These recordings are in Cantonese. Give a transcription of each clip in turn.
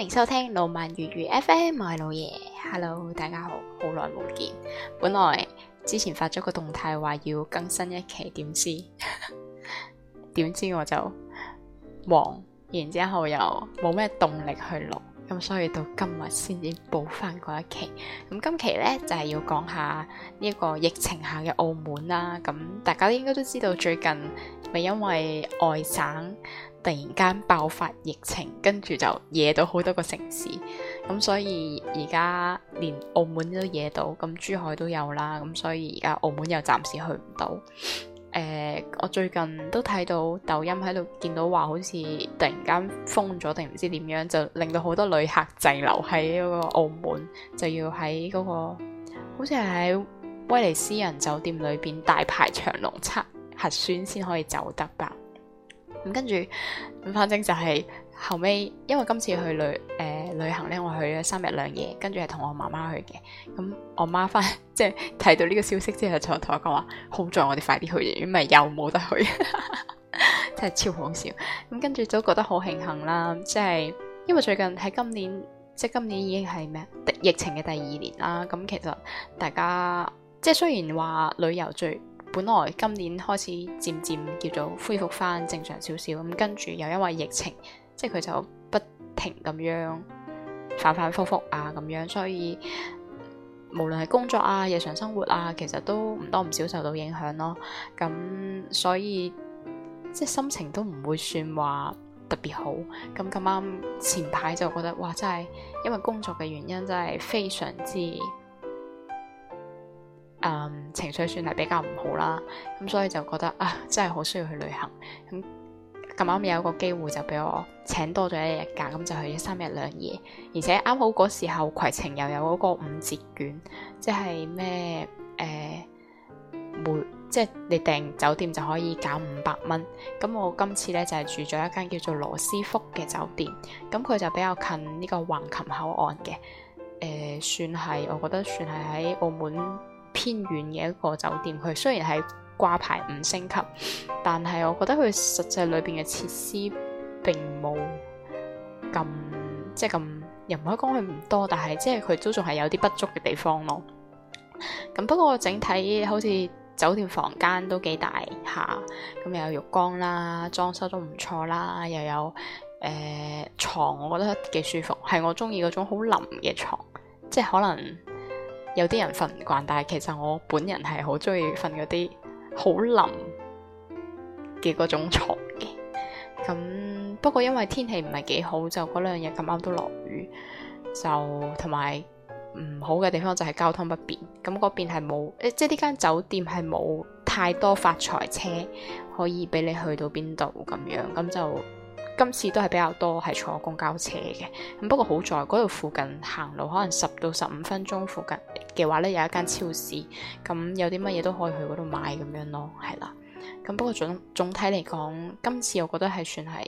歡迎收聽浪漫粵語 FM，我係老爺。Hello，大家好，好耐冇見。本來之前發咗個動態話要更新一期，點知點 知我就忙，然之後又冇咩動力去錄。咁所以到今日先至補翻嗰一期。咁今期呢，就係要講下呢個疫情下嘅澳門啦。咁大家都應該都知道最近咪因為外省突然間爆發疫情，跟住就惹到好多個城市。咁所以而家連澳門都惹到，咁珠海都有啦。咁所以而家澳門又暫時去唔到。誒、呃，我最近都睇到抖音喺度見到話，好似突然間封咗，定唔知點樣，就令到好多旅客滯留喺嗰個澳門，就要喺嗰、嗰個，好似係喺威尼斯人酒店裏邊大排長龍測核酸先可以走得吧。咁跟住，咁反正就係後尾，因為今次去旅誒。呃旅行咧，我去咗三日兩夜，跟住係同我媽媽去嘅。咁我媽翻即係提到呢個消息之後，就同我講話：好在我哋快啲去，因為又冇得去， 真係超好笑。咁跟住都覺得好慶幸啦，即係因為最近喺今年，即係今年已經係咩？疫疫情嘅第二年啦。咁其實大家即係雖然話旅遊最本來今年開始漸漸叫做恢復翻正常少少，咁跟住又因為疫情，即係佢就不停咁樣。反反复覆啊，咁樣，所以無論係工作啊、日常生活啊，其實都唔多唔少受到影響咯。咁、嗯、所以即係心情都唔會算話特別好。咁咁啱前排就覺得哇，真係因為工作嘅原因真係非常之誒、嗯、情緒算係比較唔好啦。咁、嗯、所以就覺得啊，真係好需要去旅行。嗯琴晚有個機會就俾我請多咗一日假，咁就去咗三日兩夜，而且啱好嗰時候攜程又有嗰個五折券，即係咩誒？每、呃、即係你訂酒店就可以減五百蚊。咁我今次呢，就係、是、住咗一間叫做羅斯福嘅酒店，咁佢就比較近呢個橫琴口岸嘅，誒、呃、算係我覺得算係喺澳門偏遠嘅一個酒店。佢雖然係，掛牌五星級，但係我覺得佢實際裏邊嘅設施並冇咁即係咁，又唔可以講佢唔多，但係即係佢都仲係有啲不足嘅地方咯。咁不過整體好似酒店房間都幾大下，咁、啊、又有浴缸啦，裝修都唔錯啦，又有誒牀，呃、床我覺得幾舒服，係我中意嗰種好腍嘅床，即、就、係、是、可能有啲人瞓唔慣，但係其實我本人係好中意瞓嗰啲。好冧嘅嗰種床嘅，咁不過因為天氣唔係幾好，就嗰兩日咁啱都落雨，就同埋唔好嘅地方就係交通不便，咁嗰邊係冇，誒即係呢間酒店係冇太多發財車可以俾你去到邊度咁樣，咁就。今次都係比較多係坐公交車嘅，咁不過好在嗰度附近行路可能十到十五分鐘附近嘅話呢，有一間超市，咁有啲乜嘢都可以去嗰度買咁樣咯，係啦。咁不過總總體嚟講，今次我覺得係算係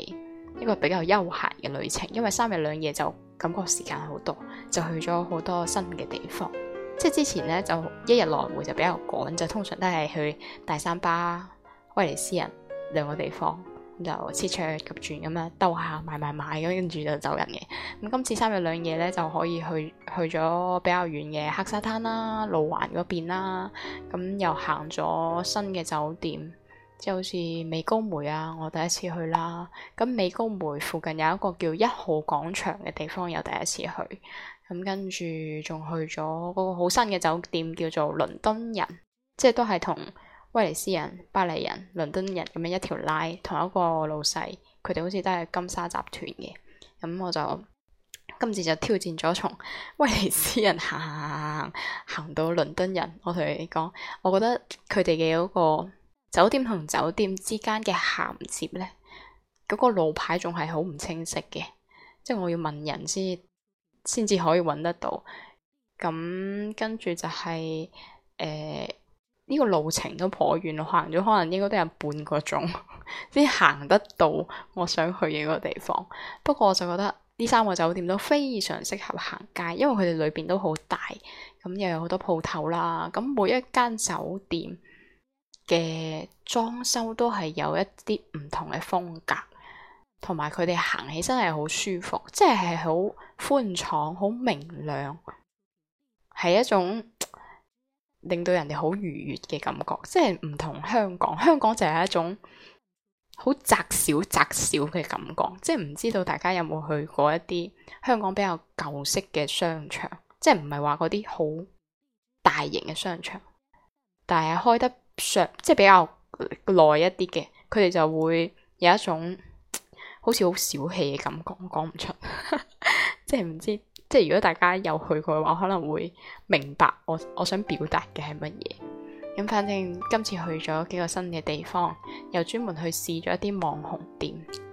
一個比較休閒嘅旅程，因為三日兩夜就感覺時間好多，就去咗好多新嘅地方。即係之前呢，就一日來回就比較趕，就通常都係去大三巴、威尼斯人兩個地方。就切切急轉咁樣兜下買買買咁，跟住就走人嘅。咁今次三日兩夜咧，就可以去去咗比較遠嘅黑沙灘啦、路環嗰邊啦。咁又行咗新嘅酒店，即係好似美高梅啊，我第一次去啦。咁美高梅附近有一個叫一號廣場嘅地方，又第一次去。咁跟住仲去咗嗰個好新嘅酒店，叫做倫敦人，即係都係同，威尼斯人、巴黎人、倫敦人咁樣一條拉同一個老細，佢哋好似都係金沙集團嘅。咁我就今次就挑戰咗從威尼斯人行行行行行到倫敦人。我同你講，我覺得佢哋嘅嗰個酒店同酒店之間嘅銜接咧，嗰個路牌仲係好唔清晰嘅，即係我要問人先先至可以揾得到。咁跟住就係誒。呃呢個路程都頗遠，行咗可能應該都有半個鐘先行得到我想去嘅個地方。不過我就覺得呢三個酒店都非常適合行街，因為佢哋裏邊都好大，咁又有好多鋪頭啦。咁每一間酒店嘅裝修都係有一啲唔同嘅風格，同埋佢哋行起身係好舒服，即係係好寬敞、好明亮，係一種，令到人哋好愉悅嘅感覺，即係唔同香港。香港就係一種好窄小窄小嘅感覺，即係唔知道大家有冇去過一啲香港比較舊式嘅商場，即係唔係話嗰啲好大型嘅商場，但係開得上即係比較耐一啲嘅，佢哋就會有一種好似好小氣嘅感覺，講唔出， 即係唔知。即係如果大家有去過嘅話，可能會明白我我想表達嘅係乜嘢。噉反正今次去咗幾個新嘅地方，又專門去試咗一啲網紅店。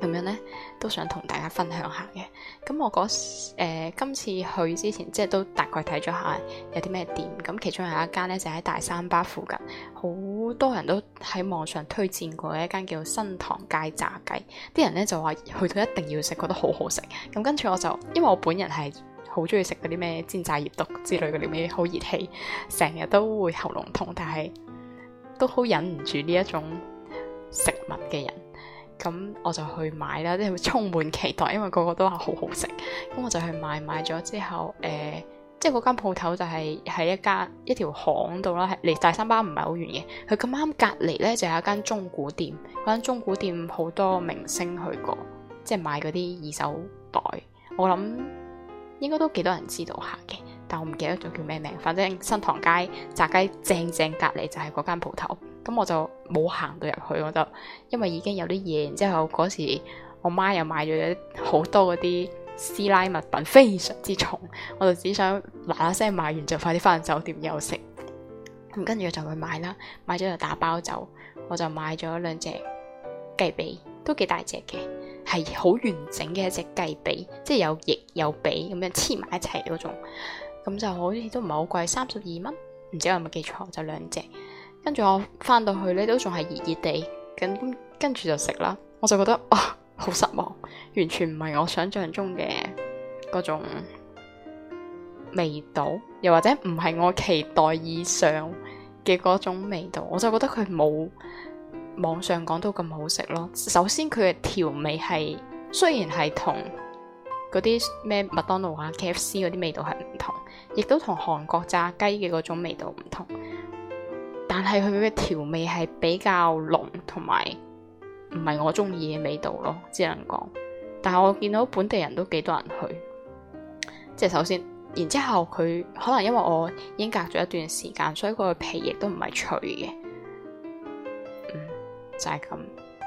咁樣呢，都想同大家分享下嘅。咁我嗰誒、呃、今次去之前，即係都大概睇咗下有啲咩店。咁其中有一間呢，就喺、是、大三巴附近，好多人都喺網上推薦過一間叫新塘街炸雞。啲人呢就話去到一定要食，覺得好好食。咁跟住我就，因為我本人係好中意食嗰啲咩煎炸熱毒之類嗰啲咩，好熱氣，成日都會喉嚨痛，但係都好忍唔住呢一種食物嘅人。咁、嗯、我就去買啦，即係會充滿期待，因為個個都話好好食，咁、嗯、我就去買買咗之後，誒、呃，即係嗰間鋪頭就係喺一間一條巷度啦，係離大三巴唔係好遠嘅，佢咁啱隔離呢，就有一間中古店，嗰間中古店好多明星去過，即係買嗰啲二手袋，我諗應該都幾多人知道下嘅，但我唔記得咗叫咩名，反正新塘街炸雞正正隔離就係嗰間鋪頭。咁我就冇行到入去，我就因為已經有啲嘢，然之後嗰時我媽又買咗好多嗰啲師奶物品，非常之重，我就只想嗱嗱聲買完就快啲翻酒店休息。咁、嗯、跟住我就去買啦，買咗就打包走。我就買咗兩隻雞髀，都幾大隻嘅，係好完整嘅一隻雞髀，即係有翼有髀咁樣黐埋一齊嗰種。咁就好似都唔係好貴，三十二蚊，唔知我有冇記錯，就兩隻。跟住我翻到去呢，都仲係熱熱地，咁跟住就食啦。我就覺得哇，好失望，完全唔係我想象中嘅嗰種味道，又或者唔係我期待以上嘅嗰種味道。我就覺得佢冇網上講到咁好食咯。首先佢嘅調味係雖然係同嗰啲咩麥當勞啊、KFC 嗰啲味道係唔同，亦都同韓國炸雞嘅嗰種味道唔同。但係佢嘅調味係比較濃，同埋唔係我中意嘅味道咯，只能講。但係我見到本地人都幾多人去，即係首先，然之後佢可能因為我已經隔咗一段時間，所以佢嘅皮亦都唔係脆嘅，嗯，就係咁。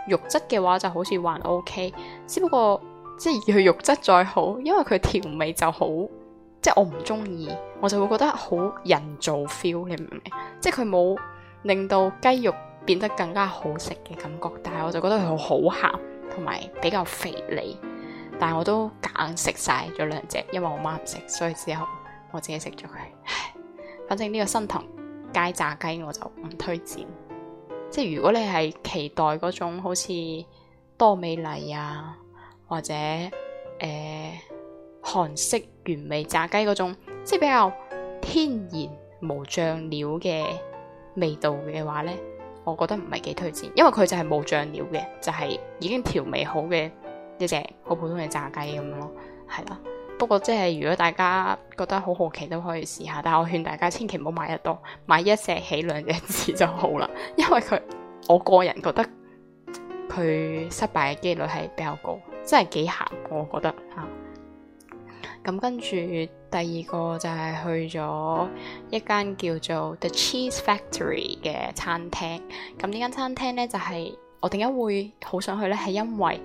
肉質嘅話就好似還 OK，只不過即係佢肉質再好，因為佢調味就好，即係我唔中意，我就會覺得好人造 feel，你明唔明？即係佢冇。令到雞肉變得更加好食嘅感覺，但係我就覺得佢好鹹，同埋比較肥膩。但係我都硬食晒咗兩隻，因為我媽唔食，所以之後我自己食咗佢。反正呢個新塘街炸雞我就唔推薦。即係如果你係期待嗰種好似多美麗啊，或者誒、呃、韓式原味炸雞嗰種，即係比較天然無醬料嘅。味道嘅話呢，我覺得唔係幾推薦，因為佢就係冇醬料嘅，就係已經調味好嘅一隻好普通嘅炸雞咁樣咯，係啦。不過即係如果大家覺得好好奇都可以試下，但係我勸大家千祈唔好買得多，買一隻起兩隻字就好啦，因為佢我個人覺得佢失敗嘅機率係比較高，真係幾鹹，我覺得嚇。嗯。咁跟住第二個就係去咗一間叫做 The Cheese Factory 嘅餐廳。咁呢間餐廳呢，就係、是、我點解會好想去呢？係因為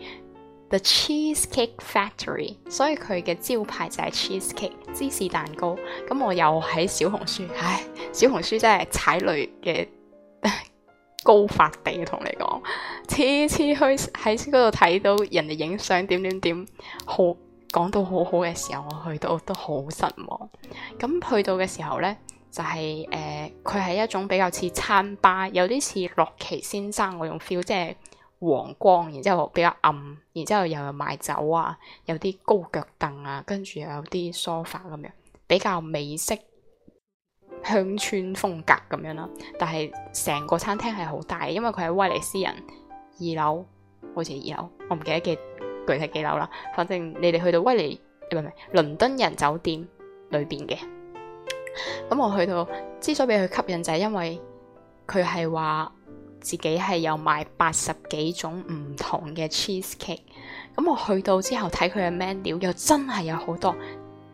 The Cheesecake Factory，所以佢嘅招牌就係 cheesecake 芝士蛋糕。咁、嗯、我又喺小紅書，唉，小紅書真係踩雷嘅 高發地，同你講，次次去喺嗰度睇到人哋影相點點點好。講到好好嘅時候，我去到都好失望。咁去到嘅時候呢，就係、是、誒，佢、呃、係一種比較似餐吧，有啲似洛奇先生嗰種 feel，即係黃光，然之後比較暗，然之後又有賣酒有啊，有啲高腳凳啊，跟住又有啲梳化 f 咁樣，比較美式鄉村風格咁樣啦。但係成個餐廳係好大，因為佢係威尼斯人二樓，好似二樓，我唔記得嘅。具體幾樓啦？反正你哋去到威尼，唔係唔係倫敦人酒店裏邊嘅咁。我去到之所以俾佢吸引就係因為佢係話自己係有賣八十幾種唔同嘅 cheesecake。咁我去到之後睇佢嘅 menu 又真係有好多，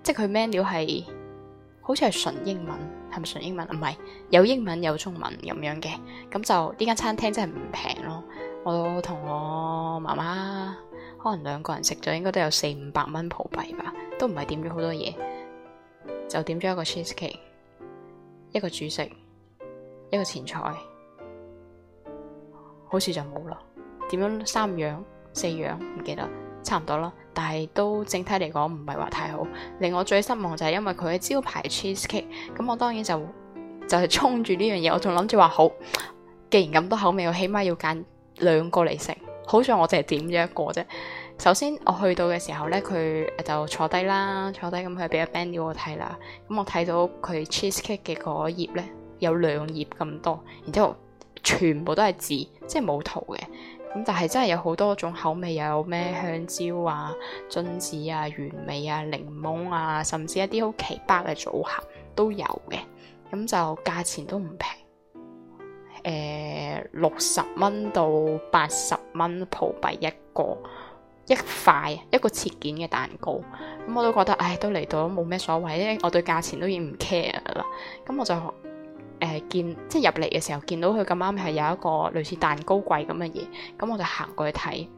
即係佢 menu 係好似係純英文，係咪純英文？唔係，有英文有中文咁樣嘅。咁就呢間餐廳真係唔平咯。我同我媽媽。可能兩個人食咗應該都有四五百蚊葡幣吧，都唔係點咗好多嘢，就點咗一個 cheesecake，一個主食，一個前菜，好似就冇啦。點咗三樣四樣唔記得，差唔多啦。但係都整體嚟講唔係話太好。令我最失望就係因為佢嘅招牌 cheesecake，咁我當然就就係衝住呢樣嘢，我仲諗住話好，既然咁多口味，我起碼要揀兩個嚟食。好似我淨係點咗一個啫。首先我去到嘅時候呢，佢就坐低啦，坐低咁佢俾個 band 俾我睇啦。咁、嗯、我睇到佢 cheesecake 嘅嗰頁呢，有兩頁咁多，然之後全部都係字，即係冇圖嘅。咁、嗯、但係真係有好多種口味，又有咩香蕉啊、榛子啊、原味啊、檸檬啊，甚至一啲好奇葩嘅組合都有嘅。咁、嗯、就價錢都唔平。誒，六十蚊到八十蚊葡幣一個，一塊一個切件嘅蛋糕，咁、嗯、我都覺得，唉，都嚟到冇咩所謂咧，我對價錢都已經唔 care 啦。咁、嗯、我就誒、呃、見，即係入嚟嘅時候見到佢咁啱係有一個類似蛋糕櫃咁嘅嘢，咁、嗯、我就行過去睇，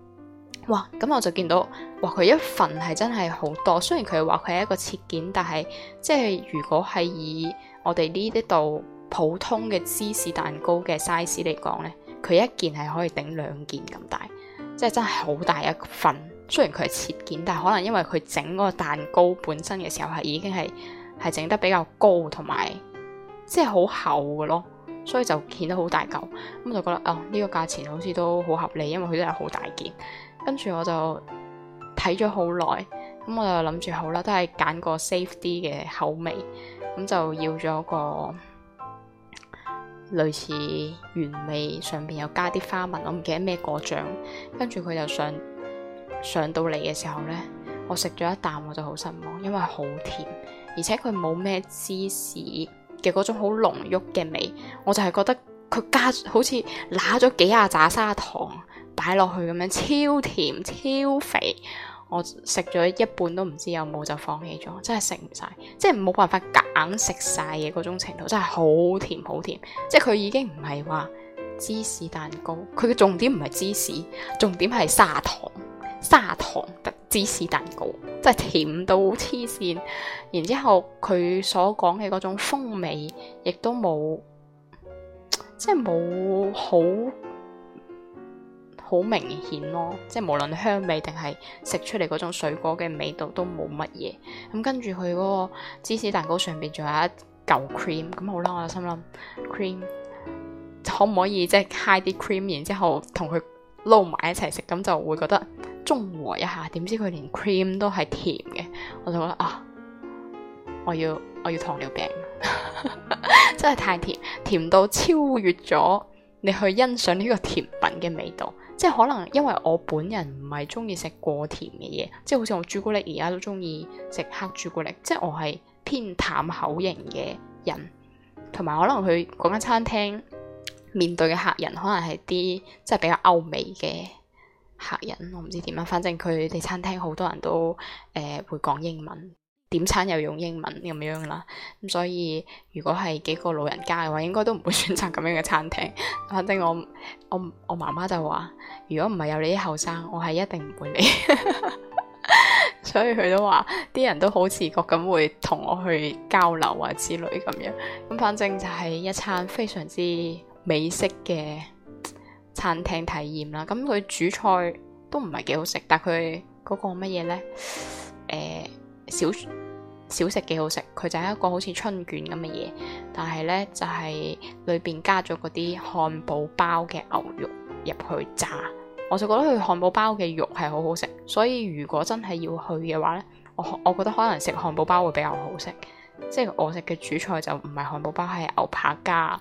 哇！咁、嗯、我就見到，哇！佢一份係真係好多，雖然佢話佢係一個切件，但係即係如果係以我哋呢啲度。普通嘅芝士蛋糕嘅 size 嚟講，呢佢一件係可以頂兩件咁大，即係真係好大一份。雖然佢係切件，但係可能因為佢整嗰個蛋糕本身嘅時候係已經係係整得比較高同埋即係好厚嘅咯，所以就顯得好大嚿，咁就覺得啊，呢個價錢好似都好合理，因為佢真係好大件。跟住我就睇咗好耐咁，我就諗住好啦，都係揀個 safety 嘅口味咁就要咗個。類似原味上邊又加啲花紋，我唔記得咩果醬，跟住佢就上上到嚟嘅時候呢，我食咗一啖我就好失望，因為好甜，而且佢冇咩芝士嘅嗰種好濃郁嘅味，我就係覺得佢加好似揦咗幾廿紮砂糖擺落去咁樣，超甜超肥。我食咗一半都唔知有冇就放棄咗，真係食唔晒，即係冇辦法夾硬食晒嘅嗰種程度，真係好甜好甜。即係佢已經唔係話芝士蛋糕，佢嘅重點唔係芝士，重點係砂糖，砂糖嘅芝士蛋糕，真係甜到黐線。然之後佢所講嘅嗰種風味亦都冇，即係冇好。好明顯咯，即係無論香味定係食出嚟嗰種水果嘅味道都冇乜嘢。咁、嗯、跟住佢嗰個芝士蛋糕上邊仲有一嚿 cream，咁、嗯、好啦，我就心諗 cream 可唔可以即係揩啲 cream，然之後同佢撈埋一齊食，咁就會覺得中和一下。點知佢連 cream 都係甜嘅，我就覺得啊，我要我要糖尿病， 真係太甜，甜到超越咗。你去欣賞呢個甜品嘅味道，即係可能因為我本人唔係鍾意食過甜嘅嘢，即係好似我朱古力而家都鍾意食黑朱古力，即係我係偏淡口型嘅人，同埋可能佢嗰間餐廳面對嘅客人可能係啲即係比較歐美嘅客人，我唔知點樣，反正佢哋餐廳好多人都誒、呃、會講英文。點餐又用英文咁樣啦，咁所以如果係幾個老人家嘅話，應該都唔會選擇咁樣嘅餐廳。 反正我我我媽媽就話，如果唔係有你啲後生，我係一定唔會嚟。 所以佢都話，啲人都好自覺咁會同我去交流啊，之類咁樣。咁 反正就係一餐非常之美式嘅餐廳體驗啦。咁佢煮菜都唔係幾好食，但佢嗰個乜嘢呢？誒、呃。小小食幾好食，佢就係一個好似春捲咁嘅嘢，但係呢，就係裏邊加咗嗰啲漢堡包嘅牛肉入去炸，我就覺得佢漢堡包嘅肉係好好食。所以如果真係要去嘅話呢，我我覺得可能食漢堡包會比較好食。即係我食嘅主菜就唔係漢堡包，係牛扒加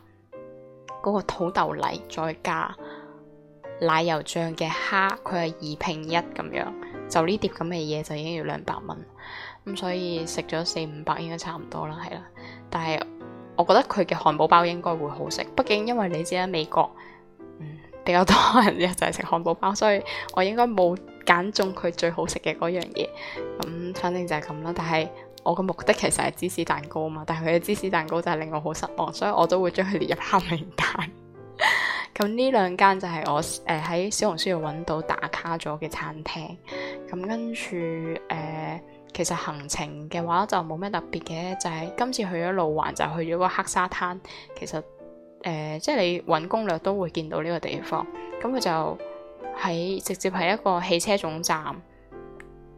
嗰個土豆泥再加奶油醬嘅蝦，佢係二拼一咁樣，就呢碟咁嘅嘢就已經要兩百蚊。咁、嗯、所以食咗四五百應該差唔多啦，係啦。但係我覺得佢嘅漢堡包應該會好食，畢竟因為你知啦，美國嗯比較多人咧就係食漢堡包，所以我應該冇揀中佢最好食嘅嗰樣嘢。咁反正就係咁啦。但係我嘅目的其實係芝士蛋糕啊嘛，但係佢嘅芝士蛋糕就係令我好失望，所以我都會將佢列入黑名單。咁 呢兩間就係我誒喺、呃、小紅書度揾到打卡咗嘅餐廳。咁跟住誒。呃其實行程嘅話就冇咩特別嘅，就係今次去咗路環就去咗個黑沙灘。其實誒，即係你搵攻略都會見到呢個地方。咁佢就喺直接喺一個汽車總站，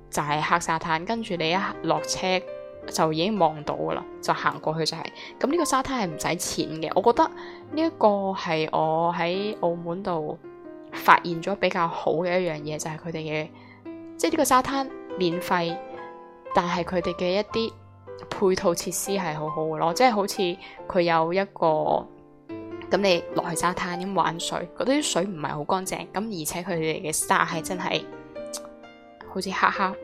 就係黑沙灘。跟住你一落車就已經望到噶啦，就行過去就係咁。呢個沙灘係唔使錢嘅，我覺得呢一個係我喺澳門度發現咗比較好嘅一樣嘢，就係佢哋嘅即係呢個沙灘免費。但係佢哋嘅一啲配套設施係好好嘅咯，即係好似佢有一個咁，你落去沙灘咁玩水，覺得啲水唔係好乾淨，咁而且佢哋嘅沙係真係好似黑黑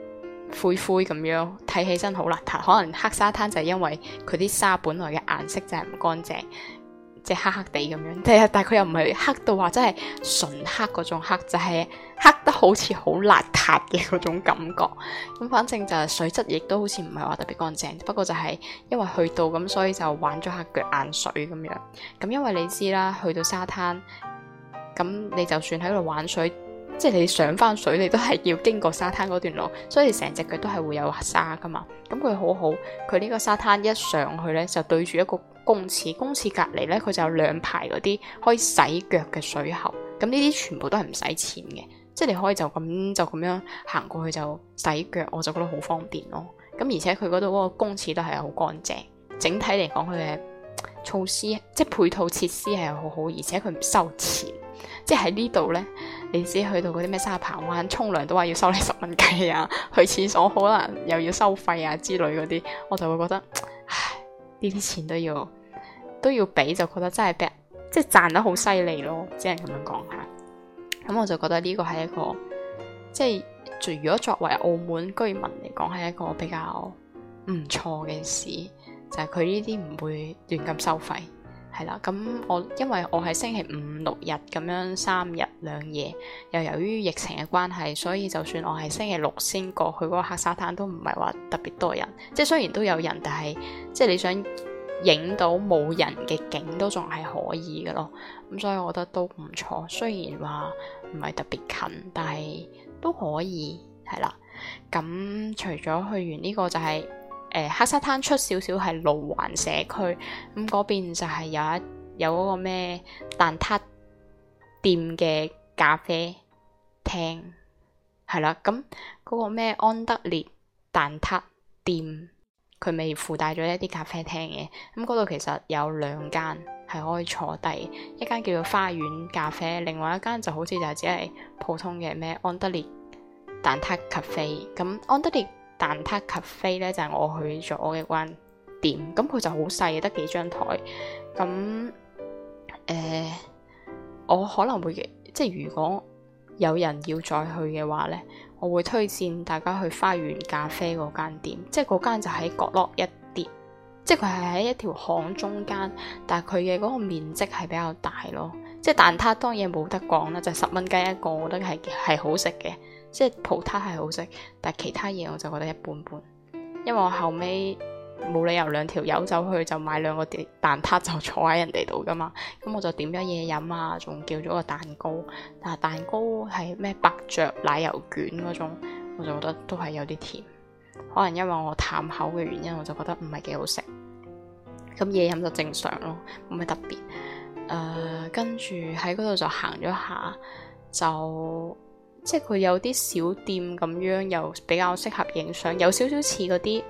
灰灰咁樣，睇起身好邋遢。可能黑沙灘就係因為佢啲沙本來嘅顏色就係唔乾淨。即係黑黑地咁樣，但係但係佢又唔係黑到話真係純黑嗰種黑，就係、是、黑得好似好邋遢嘅嗰種感覺。咁反正就水質亦都好似唔係話特別乾淨，不過就係因為去到咁，所以就玩咗下腳眼水咁樣。咁因為你知啦，去到沙灘咁，你就算喺度玩水。即係你上返水，你都係要經過沙灘嗰段路，所以成隻腳都係會有沙㗎嘛。咁佢好好，佢呢個沙灘一上去呢，就對住一個公廁，公廁隔離呢，佢就有兩排嗰啲可以洗腳嘅水喉。咁呢啲全部都係唔使錢嘅，即係你可以就咁就咁樣行過去就洗腳，我就覺得好方便咯。咁而且佢嗰度嗰個公廁都係好乾淨，整體嚟講佢嘅措施即係配套設施係好好，而且佢唔收錢，即係喺呢度呢。你知去到嗰啲咩沙扒灣，沖涼都話要收你十蚊雞啊，去廁所可能又要收費啊之類嗰啲，我就會覺得，唉，呢啲錢都要都要俾，就覺得真係俾即係賺得好犀利咯，只能咁樣講下。咁，嗯，我就覺得呢個係一個，即係，如果作為澳門居民嚟講，係一個比較唔錯嘅事，就係佢呢啲唔會亂咁收費。係啦，咁我因為我係星期五六日咁樣三日兩夜，又由於疫情嘅關係，所以就算我係星期六先過去嗰個黑沙灘，都唔係話特別多人，即係雖然都有人，但係即係你想影到冇人嘅景都仲係可以嘅咯。咁所以我覺得都唔錯，雖然話唔係特別近，但係都可以係啦。咁除咗去完呢個就係。誒黑沙灘出少少係路環社區，咁嗰邊就係有一有嗰個咩蛋撻店嘅咖啡廳，係啦，咁嗰個咩安德烈蛋撻店，佢咪附帶咗一啲咖啡廳嘅，咁嗰度其實有兩間係可以坐低，一間叫做花園咖啡，另外一間就好似就只係普通嘅咩安德烈蛋撻咖啡。咁安德烈。蛋撻咖啡呢，就係、是、我去咗嘅間店，咁佢就好細，得幾張台。咁誒、呃，我可能會即係如果有人要再去嘅話呢，我會推薦大家去花園咖啡嗰間店，即係嗰間就喺角落一啲，即係佢係喺一條巷中間，但係佢嘅嗰個面積係比較大咯。即係蛋撻當然冇得講啦，就十蚊雞一個，我覺得係好食嘅。即係葡撻係好食，但其他嘢，我就覺得一般般。因為我後尾冇理由兩條友走去就買兩個蛋撻就坐喺人哋度噶嘛，咁我就點咗嘢飲啊，仲叫咗個蛋糕。但係蛋糕係咩白雀奶油卷嗰種，我就覺得都係有啲甜，可能因為我淡口嘅原因，我就覺得唔係幾好食。咁嘢飲就正常咯，冇咩特別。誒、呃，跟住喺嗰度就行咗下就。即係佢有啲小店咁樣，又比較適合影相，有少少似嗰啲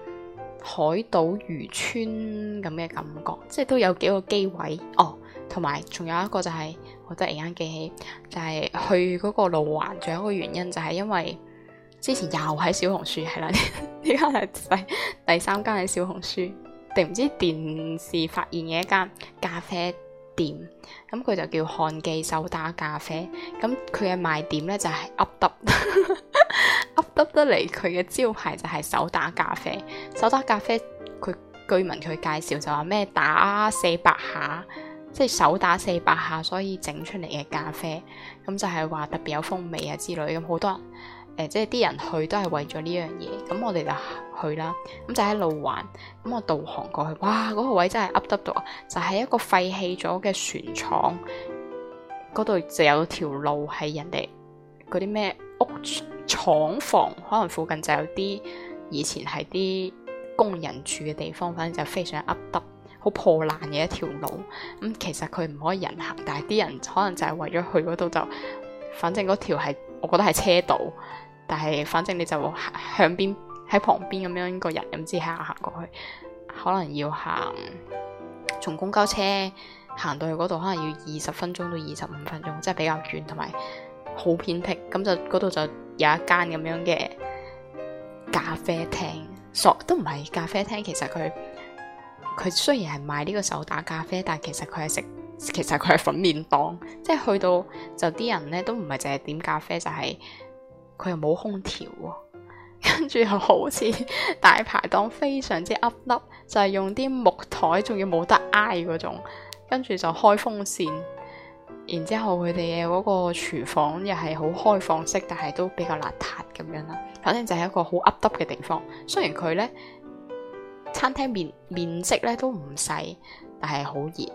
海島漁村咁嘅感覺，即係都有幾個機位哦。同埋仲有一個就係、是，我真係而家記起，就係、是、去嗰個路環，仲有一個原因就係因為之前又喺小紅書係啦，呢家係第第三間喺小紅書定唔知電視發現嘅一間咖啡店，咁佢就叫漢記手打咖啡，咁佢嘅賣點呢，就係凹凸凹凸得嚟，佢嘅招牌就係手打咖啡。手打咖啡，佢據聞佢介紹就話咩打四百下，即係手打四百下，所以整出嚟嘅咖啡，咁就係話特別有風味啊之類咁，好多人。誒，即係啲人去都係為咗呢樣嘢，咁我哋就去啦。咁就喺路環，咁我導航過去，哇！嗰、嗰個位真係噏噏到啊！Up，就係一個廢棄咗嘅船廠，嗰度就有條路係人哋嗰啲咩屋、廠房，可能附近就有啲以前係啲工人住嘅地方，反正就非常噏噏，好破爛嘅一條路。咁其實佢唔可以人行，但係啲人可能就係為咗去嗰度就，反正嗰條係我覺得係車道。但係，反正你就向邊喺旁邊咁樣個人，咁之下行過去，可能要行從公交車行到去嗰度，可能要二十分鐘到二十五分鐘，即係比較遠，同埋好偏僻。咁就嗰度就有一間咁樣嘅咖啡廳，所都唔係咖啡廳。其實佢佢雖然係賣呢個手打咖啡，但其實佢係食，其實佢係粉麵檔。即係去到就啲人呢都唔係淨係點咖啡，就係、是。佢又冇空調喎，跟住又好似大排檔，非常之凹凹，up，就係用啲木枱，仲要冇得挨嗰種，跟住就開風扇。然之後佢哋嘅嗰個廚房又係好開放式，但係都比較邋遢咁樣啦。反正就係一個好凹凹嘅地方。雖然佢呢餐廳面面積呢都唔細，但係好熱。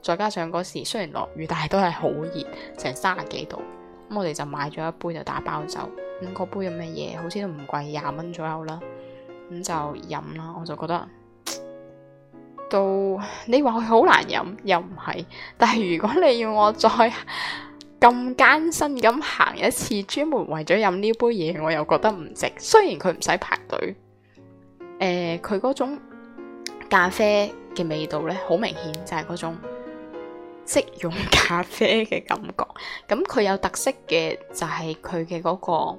再加上嗰時雖然落雨，但係都係好熱，成三十幾度。咁我哋就買咗一杯就打包走。嗰杯咁嘅嘢，好似都唔貴，廿蚊左右啦。咁就飲啦，我就覺得，到你話佢好難飲又唔係，但係如果你要我再咁艱辛咁行一次，專門為咗飲呢杯嘢，我又覺得唔值。雖然佢唔使排隊，誒、呃，佢嗰種咖啡嘅味道咧，好明顯就係嗰種即溶咖啡嘅感覺。咁佢有特色嘅就係佢嘅嗰個。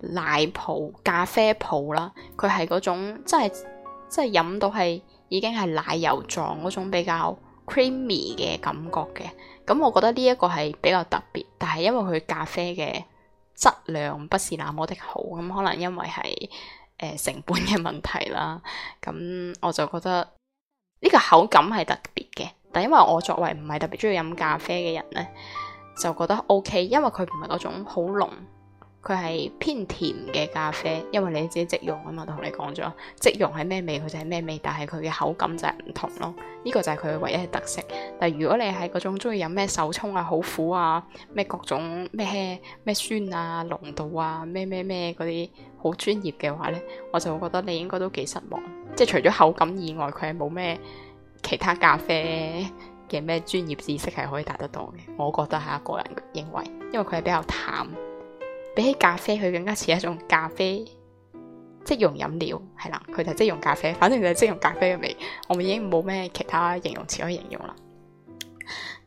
奶泡咖啡泡啦，佢係嗰種真係即係飲到係已經係奶油狀嗰種比較 creamy 嘅感覺嘅，咁我覺得呢一個係比較特別，但係因為佢咖啡嘅質量不是那麼的好，咁可能因為係誒、呃、成本嘅問題啦，咁我就覺得呢個口感係特別嘅，但因為我作為唔係特別中意飲咖啡嘅人咧，就覺得 OK，因為佢唔係嗰種好濃。佢係偏甜嘅咖啡，因為你自己即溶啊嘛，同你講咗，即溶係咩味，佢就係咩味，但係佢嘅口感就係唔同咯。呢個就係佢唯一嘅特色。但係如果你係嗰種中意飲咩手沖啊，好苦啊，咩各種咩咩酸啊，濃度啊，咩咩咩嗰啲好專業嘅話呢，我就會覺得你應該都幾失望，即係除咗口感以外，佢係冇咩其他咖啡嘅咩專業知識係可以達得到嘅。我覺得係一個人認為，因為佢係比較淡。比起咖啡，佢更加似一種咖啡即溶飲料。係啦，佢就即溶咖啡，反正就係即溶咖啡嘅味，我哋已經冇咩其他形容詞可以形容啦。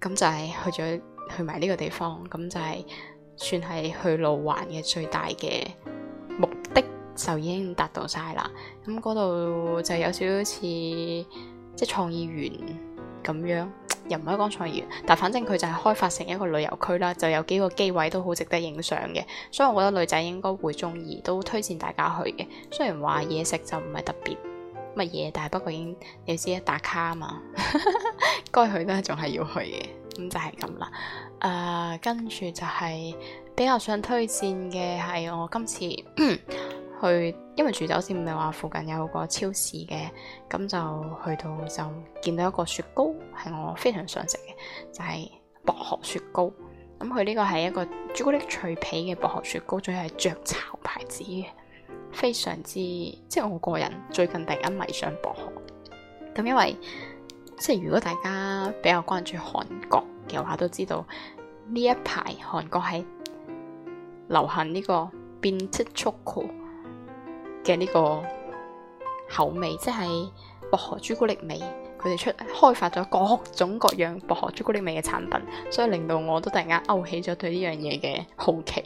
咁就係去咗去埋呢個地方，咁就係算係去路環嘅最大嘅目的，就已經達到晒啦。咁嗰度就有少少似即創意園咁樣。又唔係講創業，但反正佢就係開發成一個旅遊區啦，就有幾個機位都好值得影相嘅，所以我覺得女仔應該會中意，都推薦大家去嘅。雖然話嘢食就唔係特別乜嘢，但係不過已經你知一打卡啊嘛， 該去都仲係要去嘅。咁就係咁啦。誒、呃，跟住就係比較想推薦嘅係我今次。 去，因為住酒店唔係話附近有個超市嘅。咁就去到就見到一個雪糕，係我非常想食嘅，就係、是、薄荷雪糕。咁佢呢個係一個朱古力脆皮嘅薄荷雪糕，仲係雀巢牌子嘅，非常之即係我個人最近突然間迷上薄荷。咁因為即係如果大家比較關注韓國嘅話，都知道呢一排韓國係流行呢個變質嘅呢個口味，即係薄荷朱古力味。佢哋出開發咗各種各樣薄荷朱古力味嘅產品，所以令到我都突然間勾起咗對呢樣嘢嘅好奇。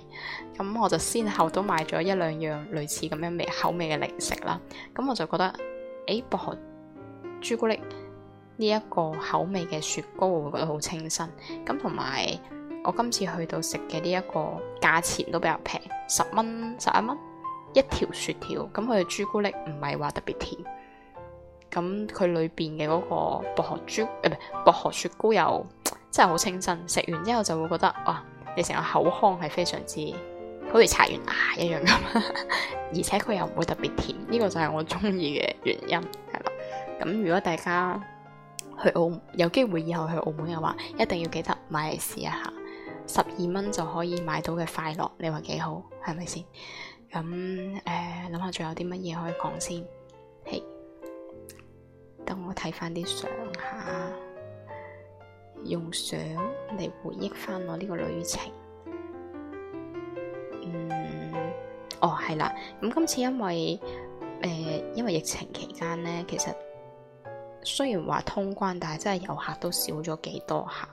咁我就先後都買咗一兩樣類似咁樣味口味嘅零食啦。咁我就覺得，誒，薄荷朱古力呢一個口味嘅雪糕，我會覺得好清新。咁同埋我今次去到食嘅呢一個價錢都比較平，十蚊十一蚊。一條雪條，咁佢嘅朱古力唔係話特別甜，咁佢裏邊嘅嗰個薄荷朱誒，唔、呃、係薄荷雪糕又真係好清新，食完之後就會覺得哇，你成個口腔係非常之好似擦完牙、啊、一樣咁， 而且佢又唔會特別甜，呢、這個就係我中意嘅原因係啦。咁如果大家去澳有機會以後去澳門嘅話，一定要記得買嚟試一下，十二蚊就可以買到嘅快樂，你話幾好係咪先？咁誒，諗下仲有啲乜嘢可以講先？嘿，等我睇翻啲相下，用相嚟回憶翻我呢個旅程。嗯，哦，係啦。咁、嗯、今次因為誒、呃，因為疫情期間咧，其實雖然話通關，但係真係遊客都少咗幾多下。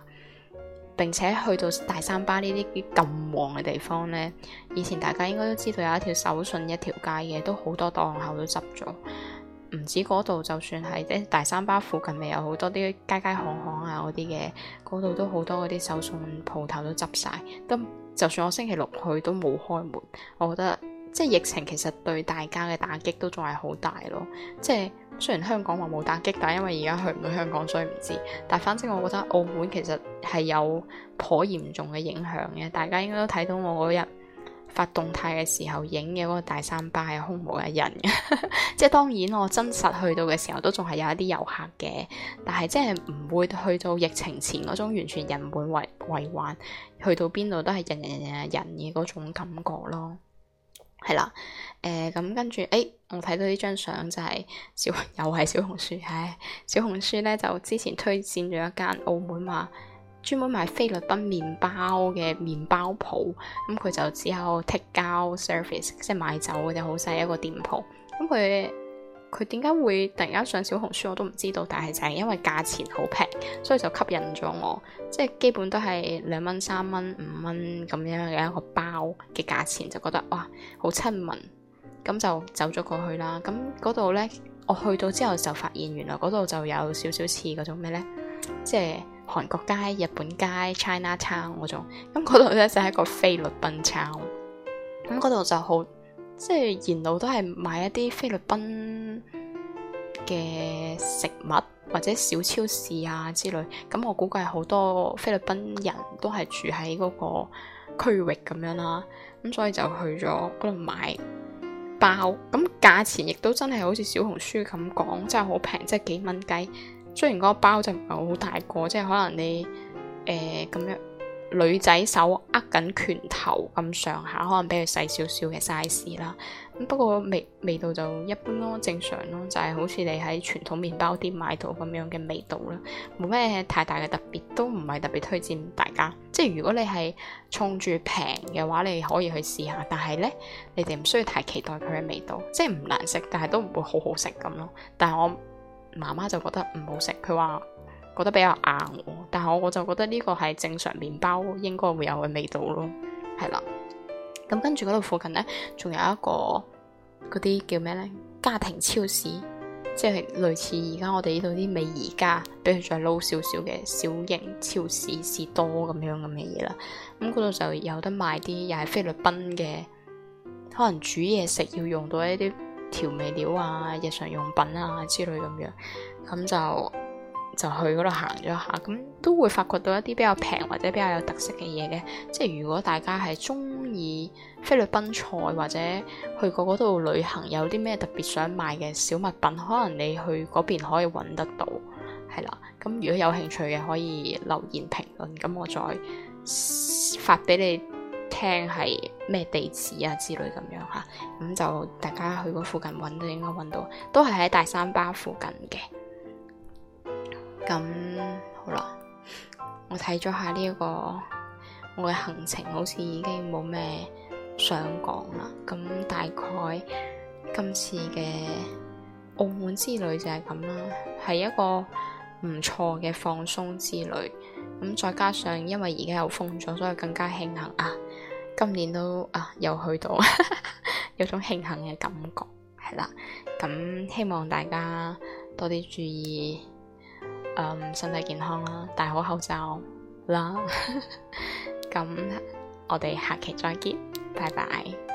並且去到大三巴呢啲咁旺嘅地方呢，以前大家應該都知道有一條手信一條街嘅，都好多檔口都執咗。唔止嗰度，就算喺誒大三巴附近，咪有好多啲街街巷巷啊嗰啲嘅，嗰度都好多嗰啲手信鋪頭都執晒。都就算我星期六去都冇開門，我覺得即係疫情其實對大家嘅打擊都仲係好大咯，即係。雖然香港話冇打擊，但係因為而家去唔到香港，所以唔知。但係反正我覺得澳門其實係有頗嚴重嘅影響嘅。大家應該都睇到我嗰日發動態嘅時候影嘅嗰個大三巴係空無一人嘅， 即係當然我真實去到嘅時候都仲係有一啲遊客嘅，但係即係唔會去到疫情前嗰種完全人滿為為患，去到邊度都係人人人人嘅嗰種感覺咯。係啦，誒咁、呃嗯、跟住，誒、欸、我睇到呢張相就係小，又係小紅書，唉、欸，小紅書咧就之前推薦咗一間澳門嘛，專門賣菲律賓麵包嘅麵包鋪，咁、嗯、佢就只有 take out service，即係買走嘅好細一個店鋪，咁、嗯、佢。佢點解會突然間上小紅書我都唔知道，但係就係因為價錢好平，所以就吸引咗我。即係基本都係兩蚊、三蚊、五蚊咁樣嘅一個包嘅價錢，就覺得哇好親民，咁就走咗過去啦。咁嗰度呢，我去到之後就發現原來嗰度就有少少似嗰種咩呢？即係韓國街、日本街、China Town 嗰種。咁嗰度咧就係一個菲律賓 town，咁嗰度就好。即係沿路都係買一啲菲律賓嘅食物或者小超市啊之類，咁我估計好多菲律賓人都係住喺嗰個區域咁樣啦，咁所以就去咗嗰度買包，咁價錢亦都真係好似小紅書咁講，真係好平，即係幾蚊雞。雖然嗰個包就唔係好大個，即係可能你誒咁，呃，樣。女仔手握緊拳頭咁上下，可能比佢細少少嘅 size 啦。 不過味味道就一般咯，正常咯，就係好似你喺傳統麵包店買到咁樣嘅味道啦，冇咩太大嘅特別，都唔係特別推薦大家。即係如果你係衝住平嘅話，你可以去試下，但係咧，你哋唔需要太期待佢嘅味道，即係唔難食，但係都唔會好好食咁咯。但係我媽媽就覺得唔好食，佢話。覺得比較硬哦，但係我就覺得呢個係正常麵包應該會有嘅味道咯，係啦。咁跟住嗰度附近呢，仲有一個嗰啲叫咩呢？家庭超市，即係類似而家我哋呢度啲美宜家，比如再撈少少嘅小型超市士多咁樣咁嘅嘢啦。咁嗰度就有得賣啲，又係菲律賓嘅，可能煮嘢食要用到一啲調味料啊、日常用品啊之類咁樣，咁就。就去嗰度行咗下，咁都會發覺到一啲比較平或者比較有特色嘅嘢嘅。即係如果大家係中意菲律賓菜或者去過嗰度旅行，有啲咩特別想買嘅小物品，可能你去嗰邊可以揾得到，係啦。咁如果有興趣嘅，可以留言評論，咁我再發俾你聽係咩地址啊之類咁樣嚇。咁就大家去嗰附近揾都應該揾到，都係喺大三巴附近嘅。咁好啦，我睇咗下呢、這、一個我嘅行程，好似已經冇咩想講啦。咁大概今次嘅澳門之旅就係咁啦，係一個唔錯嘅放鬆之旅。咁再加上因為而家又封咗，所以更加慶幸啊！今年都啊又去到， 有種慶幸嘅感覺係啦。咁希望大家多啲注意。誒，um, 身體健康啦，啊，戴好口罩啦，咁， 嗯，我哋下期再見，拜拜。